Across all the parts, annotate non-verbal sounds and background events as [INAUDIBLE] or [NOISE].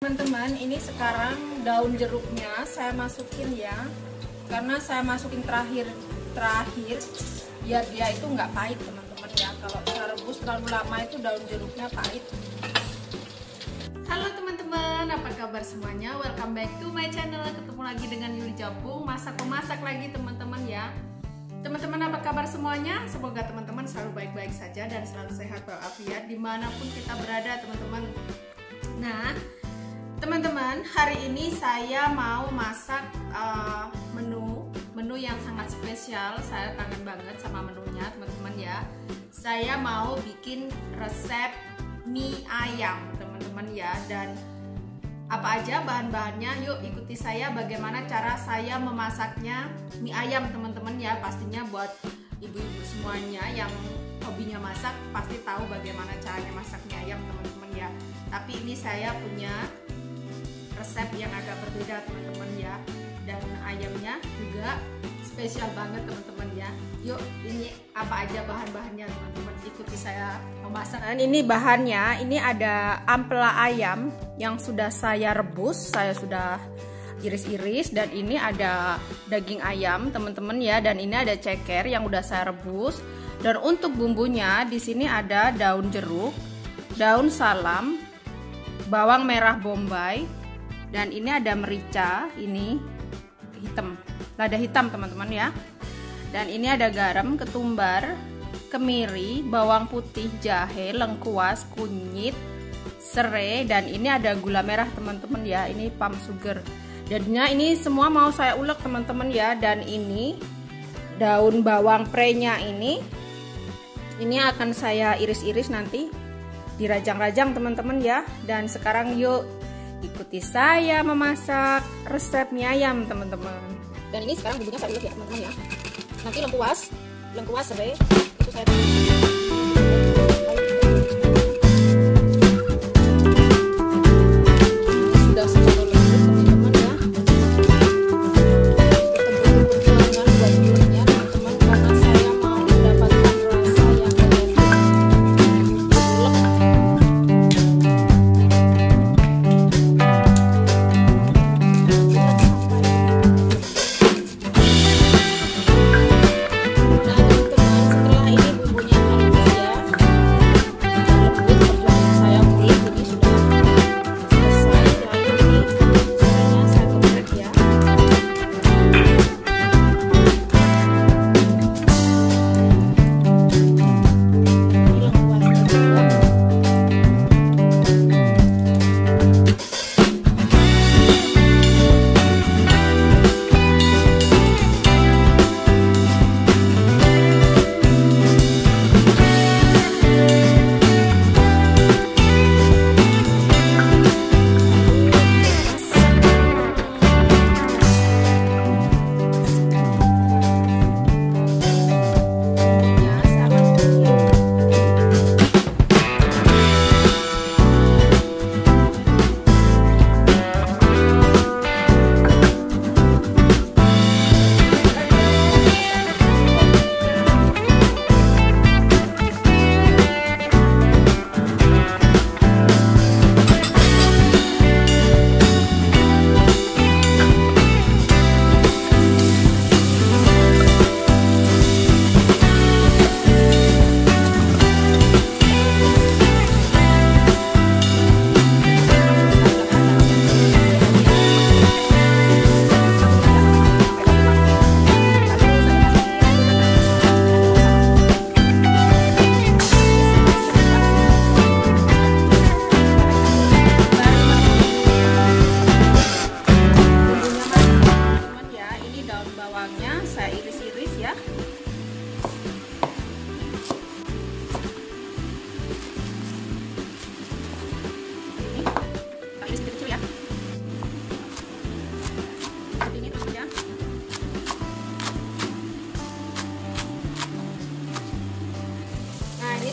teman-teman ini sekarang daun jeruknya saya masukin ya karena saya masukin terakhir terakhir biar ya dia itu nggak pahit teman-teman ya kalau kita rebus terlalu lama itu daun jeruknya pahit halo teman-teman apa kabar semuanya welcome back to my channel ketemu lagi dengan Yuli Jabung masak-memasak lagi teman-teman ya Teman-teman apa kabar semuanya? Semoga teman-teman selalu baik-baik saja dan selalu sehat walafiat dimanapun kita berada teman-teman Nah teman-teman hari ini saya mau masak uh, menu menu yang sangat spesial saya kangen banget sama menunya teman-teman ya saya mau bikin resep mie ayam teman-teman ya dan apa aja bahan-bahannya yuk ikuti saya bagaimana cara saya memasaknya mie ayam teman-teman ya pastinya buat ibu-ibu semuanya yang hobinya masak pasti tahu bagaimana caranya masak mie ayam teman-teman ya tapi ini saya punya resep yang agak berbeda teman-teman ya dan ayamnya juga spesial banget teman-teman ya yuk ini apa aja bahan-bahannya teman-teman ikuti saya pembahasan dan ini bahannya ini ada ampela ayam yang sudah saya rebus saya sudah iris-iris dan ini ada daging ayam teman-teman ya dan ini ada ceker yang udah saya rebus dan untuk bumbunya di sini ada daun jeruk daun salam bawang merah bombay dan ini ada merica ini hitam lada hitam teman-teman ya dan ini ada garam ketumbar kemiri bawang putih jahe lengkuas kunyit serai dan ini ada gula merah teman-teman ya ini palm sugar jadinya ini semua mau saya ulek teman-teman ya dan ini daun bawang prenya ini ini akan saya iris-iris nanti dirajang-rajang teman-teman ya dan sekarang yuk Ikuti saya memasak resep mie ayam, teman-teman. Dan ini sekarang bumbunya saya ulek ya, teman-teman ya. Nanti lengkuas, lengkuas serai, itu saya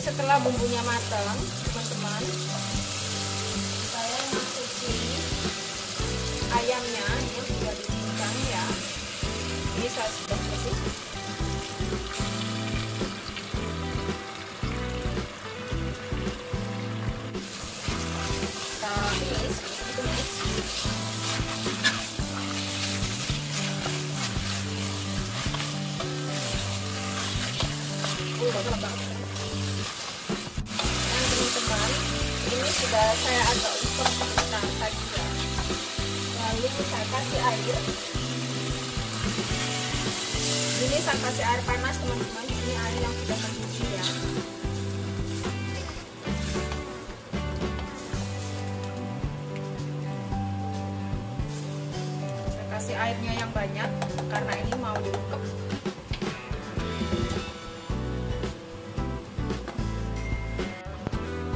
setelah bumbunya matang teman-teman saya masukin ayamnya ini sudah dipincang ya ini saya sudah ini saya kasih air panas teman-teman ini air yang sudah mendidih ya saya kasih airnya yang banyak karena ini mau diungkep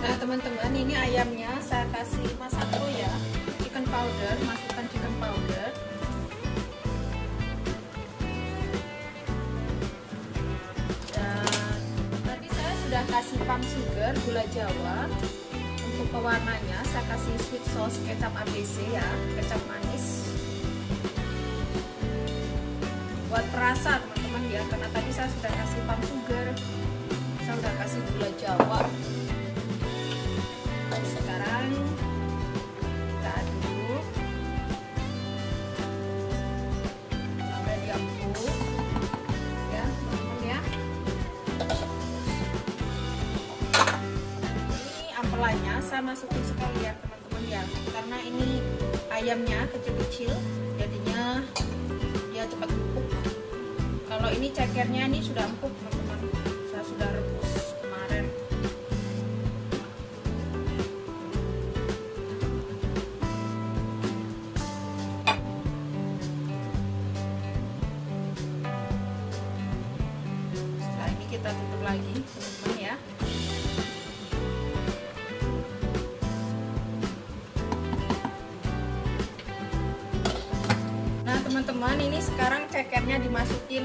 nah teman-teman ini ayamnya saya kasih masak dulu ya chicken powder masukkan chicken powder saya kasih pump sugar gula jawa untuk pewarnanya saya kasih sweet sauce kecap ABC ya kecap manis buat perasa teman-teman ya karena tadi saya sudah kasih pump sugar saya sudah kasih gula jawa sama saya masukin sekali teman-teman ya karena ini ayamnya kecil-kecil jadinya ya cepat empuk kalau ini cekernya ini sudah empuk teman-teman ini sekarang cekernya dimasukin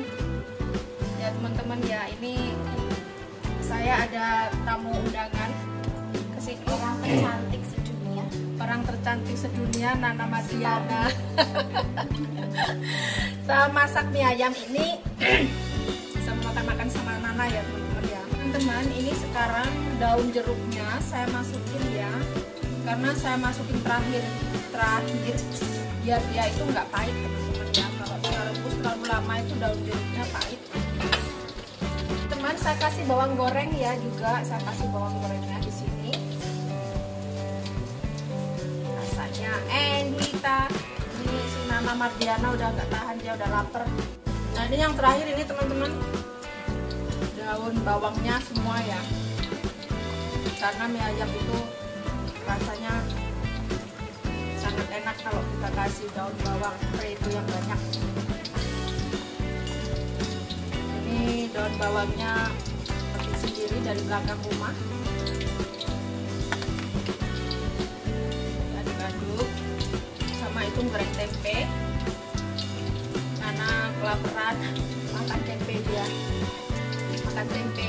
ya teman-teman ya ini saya ada tamu undangan ke sini orang tercantik sedunia orang tercantik sedunia Nana Madiana [LAUGHS] saya masak mie ayam ini [CLEARS THROAT] saya makan-makan sama Nana ya teman-teman ya teman-teman ini sekarang daun jeruknya saya masukin ya karena saya masukin terakhir terakhir biar dia itu nggak pahit teman-teman ya kalau rebus terlalu lama itu daun jeruknya pahit teman saya kasih bawang goreng ya juga saya kasih bawang gorengnya di sini rasanya endita ini si nama Mardiana udah nggak tahan dia udah lapar nah ini yang terakhir ini teman-teman daun bawangnya semua ya karena mie ayam itu rasanya enak kalau kita kasih daun bawang pre itu yang banyak ini daun bawangnya petik sendiri dari belakang rumah dan diaduk sama itu goreng tempe karena kelaparan makan tempe dia makan tempe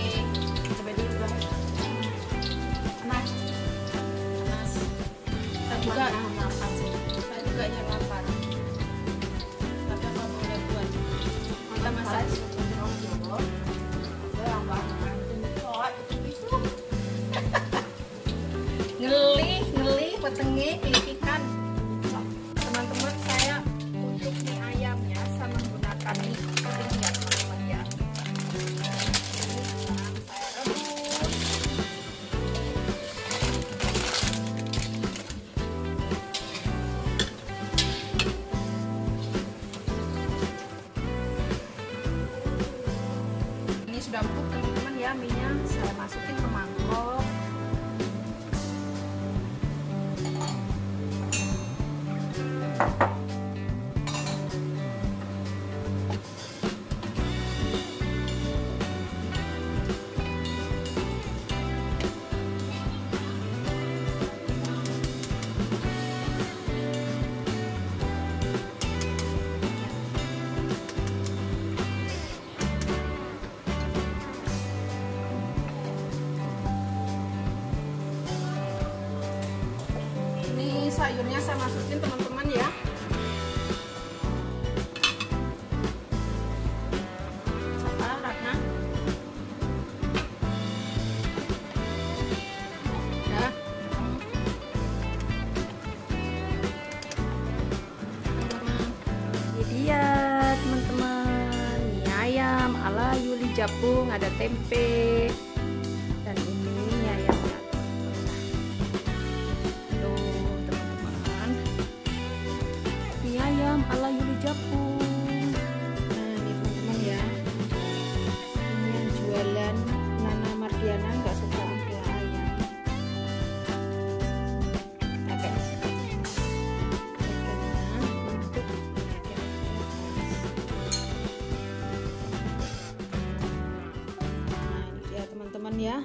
sayurnya saya masukin teman-teman ya, ya. teman-teman mie ayam ala Yuli Japung ada tempe layu di Japung nah ini teman-teman ya ini yang jualan Nana Mardiana nggak suka ampela ayam oke? nah ini ya teman-teman ya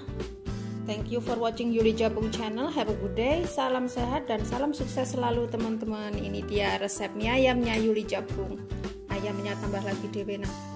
Thank you for watching Yuli Jabung channel. Have a good day. Salam sehat dan salam sukses selalu teman-teman. Ini dia resepnya mie ayamnya Yuli Jabung. Ayamnya tambah lagi dewe nah.